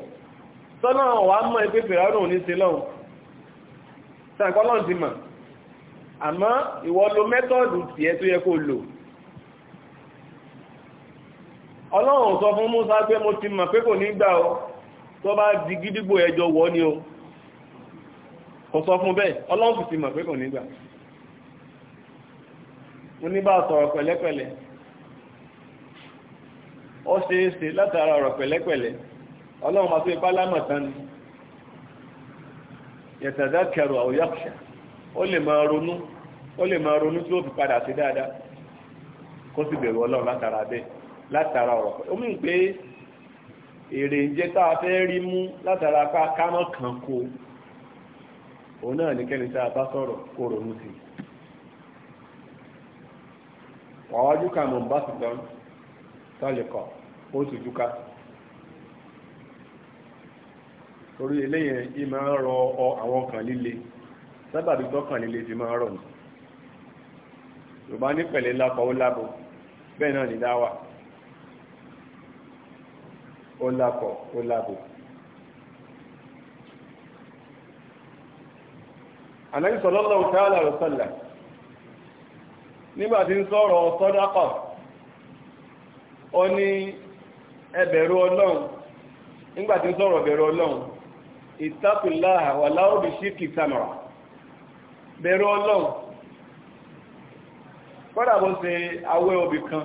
tọ́lọ̀ wà mọ́ ipé fìràhùn ní sí lọ́hùn sàkọ́lọ́n ti mọ̀ àmọ́ ìwọ lo mẹ́tọ́ọ̀dù tiẹ̀ tó yẹ kó lò Ọlọ́run sọ fún Musa pé mo ti mọ̀ pé kò ní gbà ọ tó bá di gídígbò ẹjọ́ wọ́ ni o kò sọ fún bẹ́ẹ̀ Ọlọ́run sì ti mọ̀ pé kò ní gbà ọ mo ní bá sọ̀rọ̀ pẹ̀lẹ́pẹ̀lẹ́ ó ṣe é ṣe látara ọ̀rọ̀ pẹ̀lẹ́pẹ̀lẹ́ ọlọ́run ni yẹ̀tàdá kẹrù àwòyàkṣà ó lè máa ronú ó lè máa ronú tí ó fi padà sí dáadáa kó sì bẹ̀rù ọlọ́run látara bẹ́ẹ̀ látara ọ̀rọ̀ pẹ̀lú omi pé èrè ń jẹ́ tá a fẹ́ rí mú látara kan kó òun náà wàwájúkà mọ̀ bá sì lọ tọ́lẹ̀kọ̀ ó sì túká torí eléyẹn yìí máa ń rọ ọ àwọn kan líle sábàbí tọ́kàn líle ti máa ń rọ̀ ní yorùbá ní pẹ̀lẹ́ lápá ó lábo bẹ́ẹ̀ náà ní dáwà ó lápọ̀ ó lábo ànábì sallallahu ta'ala wa sallam nígbàtí ń sọ̀rọ̀ sọ́dápà ó ní ọlọ́run nígbàtí ń sọ̀rọ̀ bẹ̀rù ọlọ́run ìtàkùnlá samara bẹ̀rù ọlọ́run kọ́dà se awẹ́ kan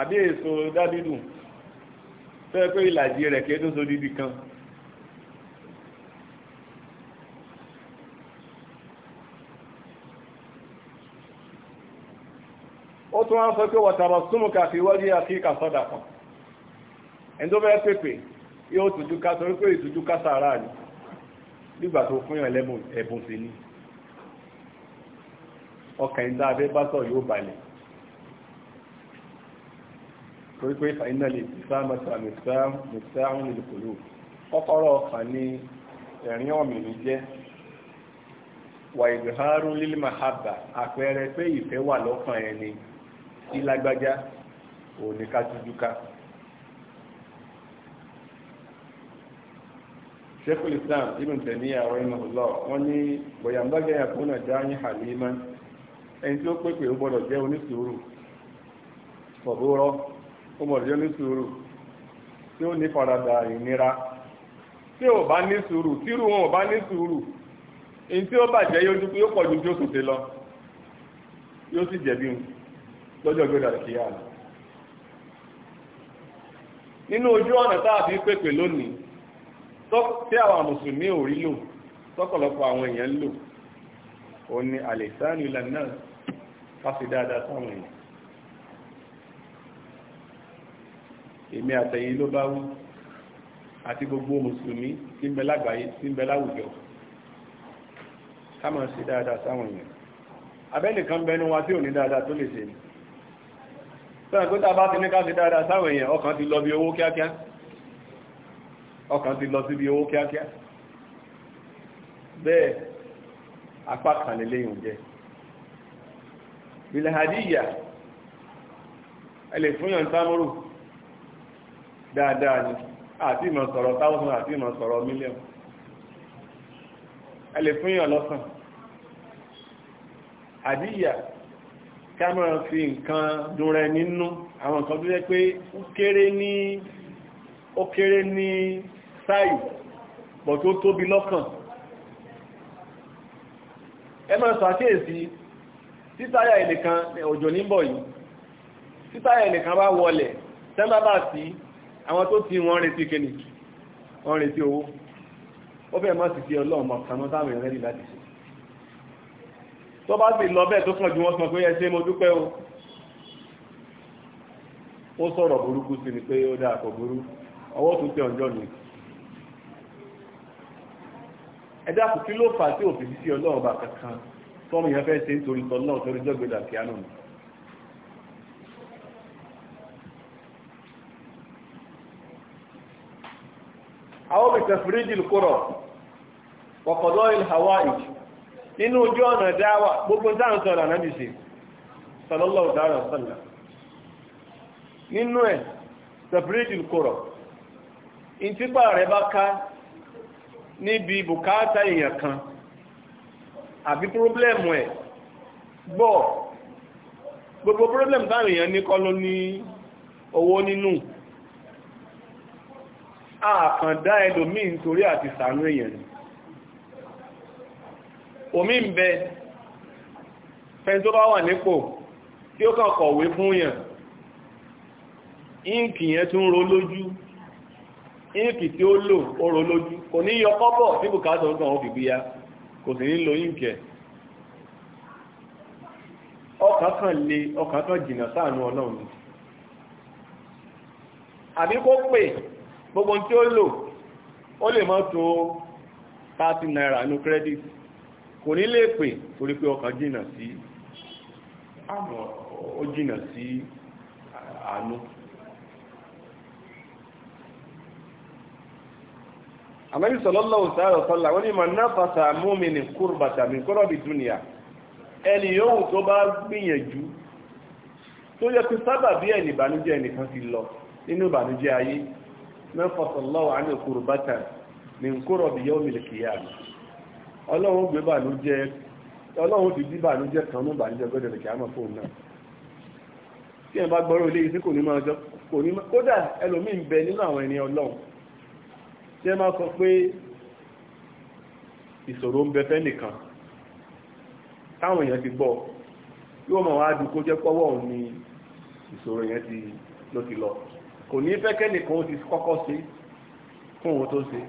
àbí èso dádídùn fẹ́ pé ìlàjì rẹ̀ kí tó so kan ó tún wá sọ pé wọ̀tàrọ̀ súnmùkà fi wọ́jú àfíkà sọ́dà kan ẹni tó fẹ́ yóò tùjú ká sọ wípé ìtùjú ká sàárà ni nígbà tó fún yàn lẹ́mù ẹ̀bùn sí ni ọkàn ìdá abẹ́ bá sọ yóò balẹ̀ torí pé fàínà lè ti sá mọ́ta mẹ́sàn-án ìlúkòló kọ́kọ́rọ́ ọkàn ni ẹ̀rín ọ̀mìnì jẹ́ wà ìdìhárú lílì màhábà àpẹẹrẹ pé ìfẹ́ wà lọ́kàn ẹni sí lágbájá òní ká tújú ká Sheikhul Islam Ibn Taymiyyah rahimahullah wọ́n ní bọ̀yàmbágẹ́ àkúnà dáhìn halima ẹni tí ó pépè ó gbọ́dọ̀ jẹ́ onísùúrù fọ̀bọ́rọ́ ó gbọ́dọ̀ jẹ́ onísùúrù tí ó ní faradà ìnira tí ò bá ní sùúrù tírù wọn ò bá ní sùúrù ní tí ó bàjẹ́ yóò pọ̀ ju tí ó sòtè lọ yóò sì jẹ̀bi wọn lọ́jọ́ gbé dàrí kíyà ní nínú ojú ọ̀nà táà fi pèpè lónìí tí àwọn mùsùlùmí ò rí lò tọ́pọ̀lọpọ̀ àwọn èèyàn lò ó ní alẹ́sánù ìlànà náà káfí dáadáa sáwọn èèyàn èmi àtẹ̀yìn ló bá wú àti gbogbo mùsùlùmí tí ń bẹ lágbàáyé tí ń bẹ láwùjọ ká máa ṣe dáadáa sáwọn èèyàn abẹ́nìkan bẹnu wa tí ò ní dáadáa tó lè ṣe ni sọ́nà pé tàbá ti ní ká fi dáadáa sáwọn èèyàn ọkàn ti lọ bí owó kíákíá ọkàn ti lọ sí bí owó kíákíá bẹ́ẹ̀ apá kan lè léyìn jẹ́ ilẹ̀ hadiya ẹlẹ̀ fún yàn sámúrù dáadáa ni àti ìmọ̀ sọ̀rọ̀ táwọn àti ìmọ̀ sọ̀rọ̀ mílíọ̀n ẹlẹ̀ fún yàn lọ́sàn hadiya ká máa fi nǹkan dúnra nínú àwọn nǹkan tó jẹ́ pé ó kéré ní ó kéré ní sáì bọ̀ tó tóbi lọ́kàn ẹ máa sàkíyèsí títáyà ẹnìkan òjò níbọ̀ yìí títáyà ẹnìkan bá wọlẹ̀ tẹ́mbà bá sí àwọn tó ti wọ́n retí kìnnì wọ́n retí owó ó fẹ́ mọ́ sí sí ọlọ́ọ̀mọ̀ kan táwọn èèyàn láti ṣe tó bá sì lọ bẹ́ẹ̀ tó kàn ju wọ́n sọ pé ẹ ṣé mo dúpẹ́ o ó sọ̀rọ̀ burúkú sí ni pé ó dáa kò burú ọwọ́ tún tẹ ọjọ́ mi ẹ̀dá kò kí ló fà tí òfin sí ọlọ́run bá kankan tọ́mù yẹn fẹ́ ṣe nítorí tọ́lọ́run torí jọ́gbẹ̀dà kíánù mi àwọn òbí tẹ̀fìrí jìlù kúrọ̀ wọ̀kọ̀dọ́ ìlú nínú ojú ọ̀nà dáwà gbogbo dáhùn sọ̀rọ̀ ànábì ṣe sallallahu ta'ala nínú ẹ̀ separate ti ìtìpá rẹ̀ bá ká níbi bùkátà èèyàn kan àbí pírọ́blẹ̀mù ẹ̀ gbọ́ gbogbo pírọ́blẹ̀mù táwọn èèyàn ní kọ́ ló ní owó nínú àkàndá ẹlòmíì nítorí àti sàánú èèyàn ni omi ń bẹ bá wà nípò tí ó kàn kọ̀wé fún yàn íǹkì yẹn tún ro lójú íǹkì tí ó lò ó ro lójú kò ní yọ kọ́bọ̀ tí bùkátà ń kàn ó ya kò sì ní lo kan jìnnà ọlọ́run gbogbo 30 naira ní kò ní lè pè torí pé ọkàn jìnà sí àmọ́ ó jìnà sí àánú àmẹ́bí sọlọ́lọ́wọ́ sọ́lá wọ́n ni ma náà múmi ní kúrbàtà mi kọ́rọ̀ bí dúnìyà ẹni yóò tó bá gbìyànjú tó yẹ kí sábà bí ẹni ìbànújẹ́ ẹnìkan ti lọ nínú ìbànújẹ́ ayé mẹ́fọ̀sọ̀lọ́wọ́ àní kúrbàtà mi kọ́rọ̀ bí yóò mìlìkìyà ọlọ́run gbé bànújẹ́ ọlọ́run ti dí bànújẹ́ kan ní bànújẹ́ gbọ́dọ̀ lè kíámọ̀ fóun náà tí ẹ̀ bá gbọ́rọ̀ ilé ìsí kò ní máa jọ kò ní máa kódà ẹlòmíì ń bẹ nínú àwọn ẹni ọlọ́run tí ẹ máa sọ pé ìṣòro ń bẹ fẹ́ nìkan táwọn èèyàn ti gbọ́ yóò mọ̀ wá dùn kó jẹ́ pọ́wọ́ òun ni ìṣòro yẹn ti ló ti lọ kò ní fẹ́ kẹ́nìkan ó ti kọ́kọ́ ṣe fún òun tó ṣe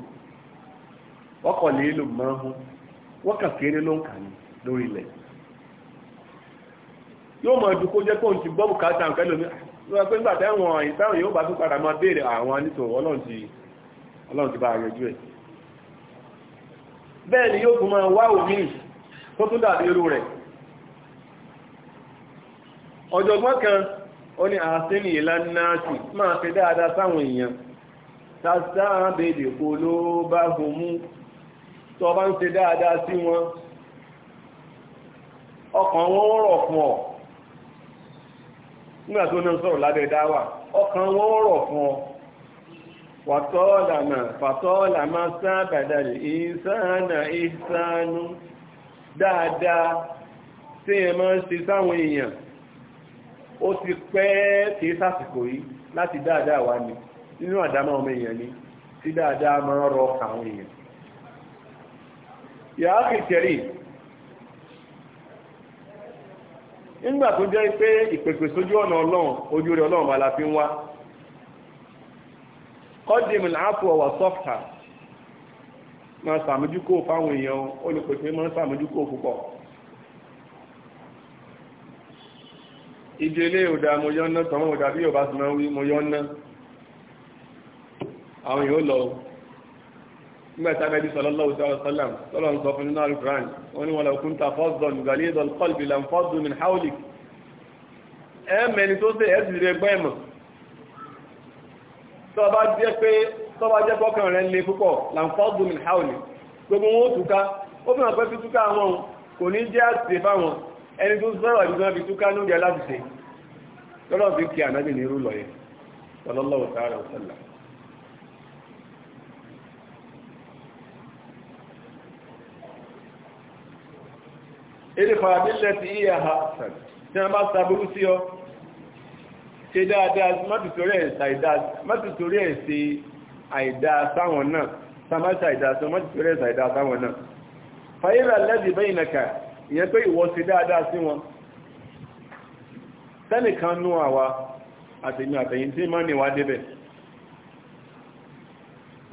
ọkọ̀ lè lò mọ́ wọ́n kà kéré ló ń kà ní lórí ilẹ̀ yóò kó ti gbọ́ bùkátà nǹkan lómi lọ́wọ́ pé nígbà tẹ́wọ̀n ìtàwọn yóò bá tún padà máa béèrè àwọn nítò ọlọ́run ti bá yọjú ẹ̀ bẹ́ẹ̀ ni yóò wá tó tún dàbí irú rẹ̀ ọ̀jọ̀gbọ́n kan ó ní máa fi dáadáa sáwọn èèyàn tàṣà bèèrè kó ló bá tó bá ń se dáadáa sí wọn ọkàn wọn rọ̀ fún ọ nígbà tó náà sọ̀rọ̀ lábẹ́ dáwà ọkàn wọn rọ̀ fún ọ wàtọ́ọ̀làmà fàtọ́ọ̀làmà sábàdàlì ìsáànà ìsáànú dáadáa tí ẹ máa ń se sáwọn èèyàn ó ti pẹ́ kìí sásìkò yìí láti dáadáa wá ní nínú àdámọ́ ọmọ èèyàn ni tí dáadáa máa ń rọ àwọn èèyàn yà á fi tẹ̀rí nígbà tó jẹ́ pé ìpèpè sójú ọ̀nà ọlọ́run ojú rẹ̀ ọlọ́run bá la fi ń wá kọ́dìmù láàpù ọ̀wà sọ́fà máa sàmójúkò fáwọn èèyàn olùpèpè máa sàmójúkò púpọ̀ ìdílé òdà mo yọ́nà tọ́mọ́ òdà bí yóò bá ti máa wí mo yọ́nà àwọn èèyàn lọ nígbàtà nàbí sallallahu alaihi wasallam tọ́lọ̀ الله sọ fún nínú alukuran wọn ni wọn lọ kún ta fọ́sọ̀n gàlẹ́ ìdọ̀l kọ́lbì làm fọ́sọ̀n min hawlik ẹ mẹni tó ṣe ẹsì rẹ gbọ́ ẹ̀mọ̀ tọ́ba jẹ́ pé tọ́ba jẹ́ pọ́kàn rẹ̀ lé púpọ̀ làm fọ́sọ̀n min hawlik gbogbo wọn ó túká ó fi hàn pé fi túká wọn kò ní jẹ́ àṣìṣe fáwọn ẹni tó sọ̀rọ̀ ìdúná fi túká lóúnjẹ láti ṣe kí ànábì ní irú lọ yẹn sallallahu alaihi ìrìfà nílẹ̀ ti yíya ha tí wọ́n bá sàbúrú sí ọ ṣe dáadáa mọ́tìtorí ẹ̀ ṣe àìdáa sáwọn náà samáṣà ìdáṣọ́ mọ́tìtorí ẹ̀ ṣàìdáa sáwọn náà fàyíra lẹ́dì bẹ́yìnàkà ìyẹn pé ìwọ ṣe dáadáa sí wọn tẹ́nìkan nú àwa àtẹ̀yìn àtẹ̀yìn tí má níwá débẹ̀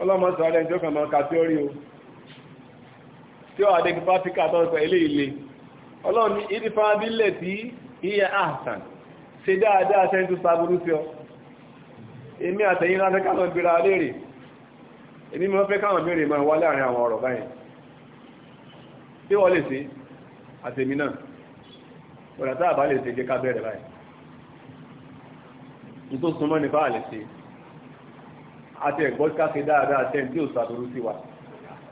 ọlọ́mọ sọ alẹ́ tí ó kàn máa kà sí orí o tí ó àdégbá tí kà tọ́ sọ ilé ilé ọlọ́run ìdífà bílẹ̀ tí iye ahsan ṣe dáadáa ṣe ń tó sàbúrú sí ọ èmi àtẹ̀yìn láti káwọn gbéra léèrè èmi mọ́ fẹ́ káwọn mẹ́rin mọ́ wá láàrin àwọn ọ̀rọ̀ báyìí tí wọ́n lè ṣe àtẹ̀mí náà ọ̀rọ̀ tá àbá lè ṣe jẹ́ ká bẹ̀rẹ̀ báyìí ní tó súnmọ́ ní báà lè ṣe àti ẹ̀gbọ́ káṣe dáadáa ṣe ń tí ò sàbúrú sí wa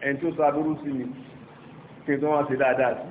ẹni tí ó sàbúrú sí mi kí tó wọ́n ṣe dáadáa sí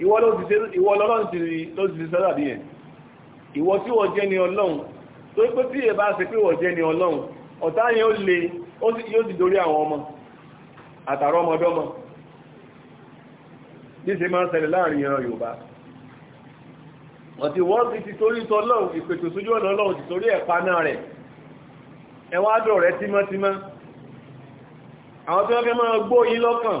ìwọ lọ́lọ́run ti ṣe sọ́dà bí yẹn ìwọ tí wọ́n jẹ́ ni ọlọ́run tó pé tí èbá ṣe pé wọ́n jẹ́ ni ọlọ́run ọ̀tá yẹn ó le yóò ti dorí àwọn ọmọ àtàrọ ọmọdọ́mọ ní ṣe máa ń ṣẹlẹ̀ láàrin ìran Yorùbá ọ̀tí wọ́n ti ti torí tọ́lọ́run ìpètò sójú ọ̀nà ọlọ́run ti torí ẹ̀pa náà rẹ̀ ẹwà dọ̀ rẹ̀ tímọ́tímọ́ àwọn tí wọ́n fẹ́ máa gbó yín lọ́kàn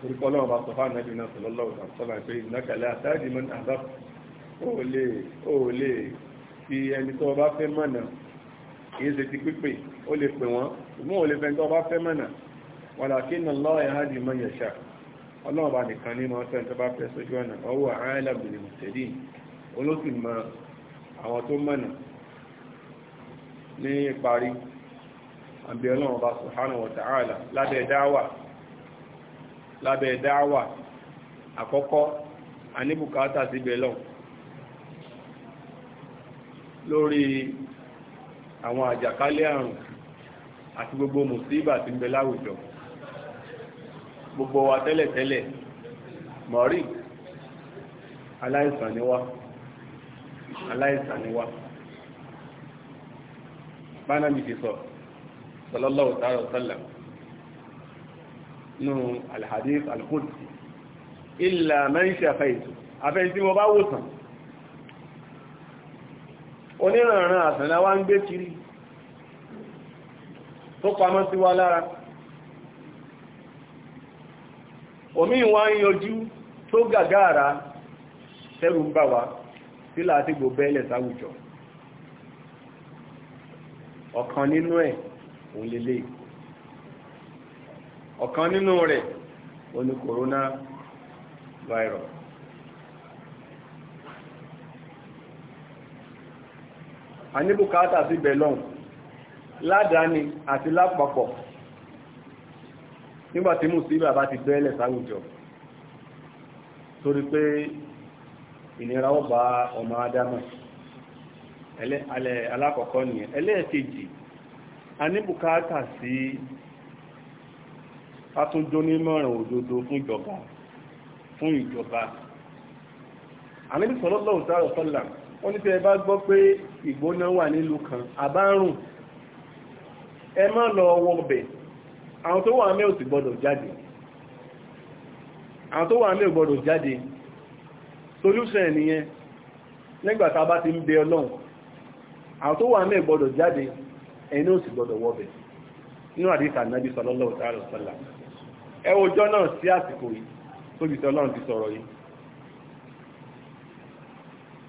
torí kọ́ lọ́wọ́ bá sọ fún ànábì náà sallallahu alaihi wasallam pé innaka la tahdi man ahbabta ó lè ó lè fi ẹni tó bá fẹ́ mọ̀nà kìí ṣe ti pípè ó lè pè wọ́n ṣùgbọ́n ò lè fẹ́ tó bá fẹ́ mọ̀nà walakinna Allaha yahdi man yasha ọlọ́wọ́ bá nìkan ní máa lábẹ́ dáwà àkọ́kọ́ àníbùkátà sí bẹ̀lọ̀ lórí àwọn àjàkálẹ̀ àrùn àti gbogbo mùsíbà tí ń bẹ láwùjọ gbogbo wa tẹ́lẹ̀tẹ́lẹ̀ mọ̀rí aláìsàn ni wá aláìsàn ni wá bánàmì ti sọ sallallahu ta'ala sallam nù alhadith alqudsi illa man shafaitu afẹ́ tí mo bá wòsàn onírànràn àsànlá wá ń gbé kiri tó pamọ́ sí wa lára omi wá ń yọjú tó gàgára tẹ́rù ń bà sílá àti gbòbẹ́lẹ̀ sáwùjọ ọ̀kan nínú ẹ̀ òun lélẹ́yìí ọ̀kan nínú rẹ̀ ó ní corona virus a ní bùkátà sí belong ládàáni àti lápapọ̀ nígbàtí mùsíbà bá ti bẹ́ẹ̀lẹ̀ sáwùjọ torí pé ìnira ó bá ọmọ adámà alákọ̀ọ́kọ́ nìyẹn ẹlẹ́ẹ̀kejì a ní bùkátà sí si ká tún jó nímọ̀ràn òdodo fún ìjọba fún ìjọba àníbi sọlọ́lọ́ òtárò sọ́là ó ní tẹ́ ẹ bá gbọ́ pé ìgbóná wà nílùú kan àbárùn ẹ má lọ wọ ọbẹ̀ àwọn tó wà mẹ́ ò sì gbọ́dọ̀ jáde àwọn tó wà mẹ́ ò gbọ́dọ̀ jáde solúṣẹ̀ nìyẹn nígbàtà bá ti ń bẹ ọlọ́run àwọn tó wà mẹ́ gbọ́dọ̀ jáde ẹni ò sì gbọ́dọ̀ wọ ọbẹ̀ nínú àdíkà náà bí sọlọ́lọ́ òtárò sọ́là ẹ wo ọjọ́ náà sí àsìkò yìí tóbi tí ọlọ́run ti sọ̀rọ̀ yìí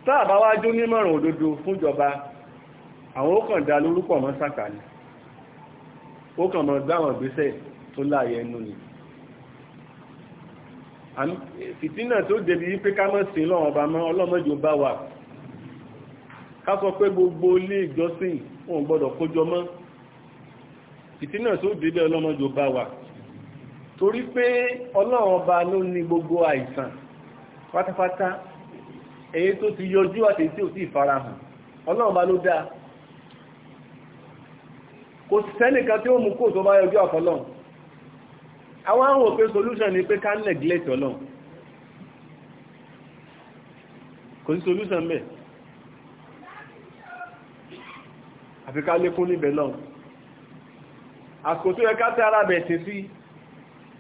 táàbá wá jó nímọ̀ràn òdodo fúnjọba àwọn ó kàn dá lórúkọ mọ́ sàkà ni ó kàn mọ́ gbáwọn ìgbésẹ̀ tó láàyè ẹnu ni fìtínà tó débi wípé ká mọ́ sí lọ́wọ́ ọba mọ́ ọlọ́mọjò bá wà ká sọ pé gbogbo ilé ìjọsìn òun gbọ́dọ̀ kójọ mọ́ fìtínà tó débi ọlọ́mọjò bá wà torí pé ọlọ́run ọba ló ní gbogbo àìsàn pátápátá èyí tó ti yọjú àti tí ò sí ìfarahàn ọlọ́run ọba ló dáa kò sẹ́nìkan tí ó mú kó tó bá yọjú àfọlọ́run àwọn àwọn òpin solution ni pé ká neglect ọlọ́run kò sí solution mẹ́ àfi ká lékún níbẹ̀ lọ́run àsìkò tó ká tẹ́ ara sí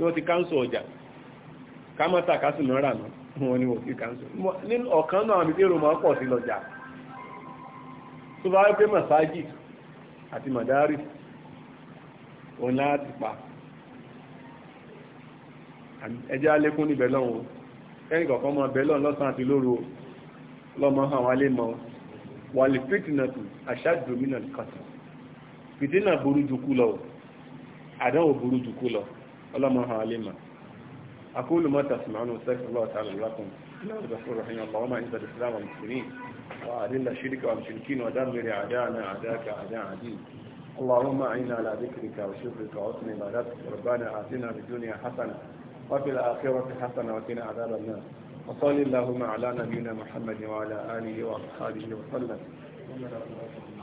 tí wọ́n ti káńsù ọjà kamata kásì náírà nù wọ́n ni wọ́n ti káńsù nínú ọ̀kan náà àmì èrò máa pọ̀ sí lọ́jà tó bá rí pé àti màdárì òun láti pa ẹjẹ́ alékún níbẹ̀ lọ́wọ́ ẹni lọ́sàn àti lóru lọ́mọ wà lè fìtìnàtù àṣàdùmínà ọlọ́mọha alima أقول ما تسمعون واستغفر الله تعالى لكم الرسول رحيم الله وما إنت الإسلام والمسلمين وأذل الشرك والمشركين ودمر أعداءنا أعداءك أعداء دين اللهم أعنا على ذكرك وشكرك وحسن عبادتك ربنا آتنا في الدنيا حسنة وفي الآخرة حسنة وقنا عذاب النار وصل اللهم على نبينا محمد وعلى آله وأصحابه وسلم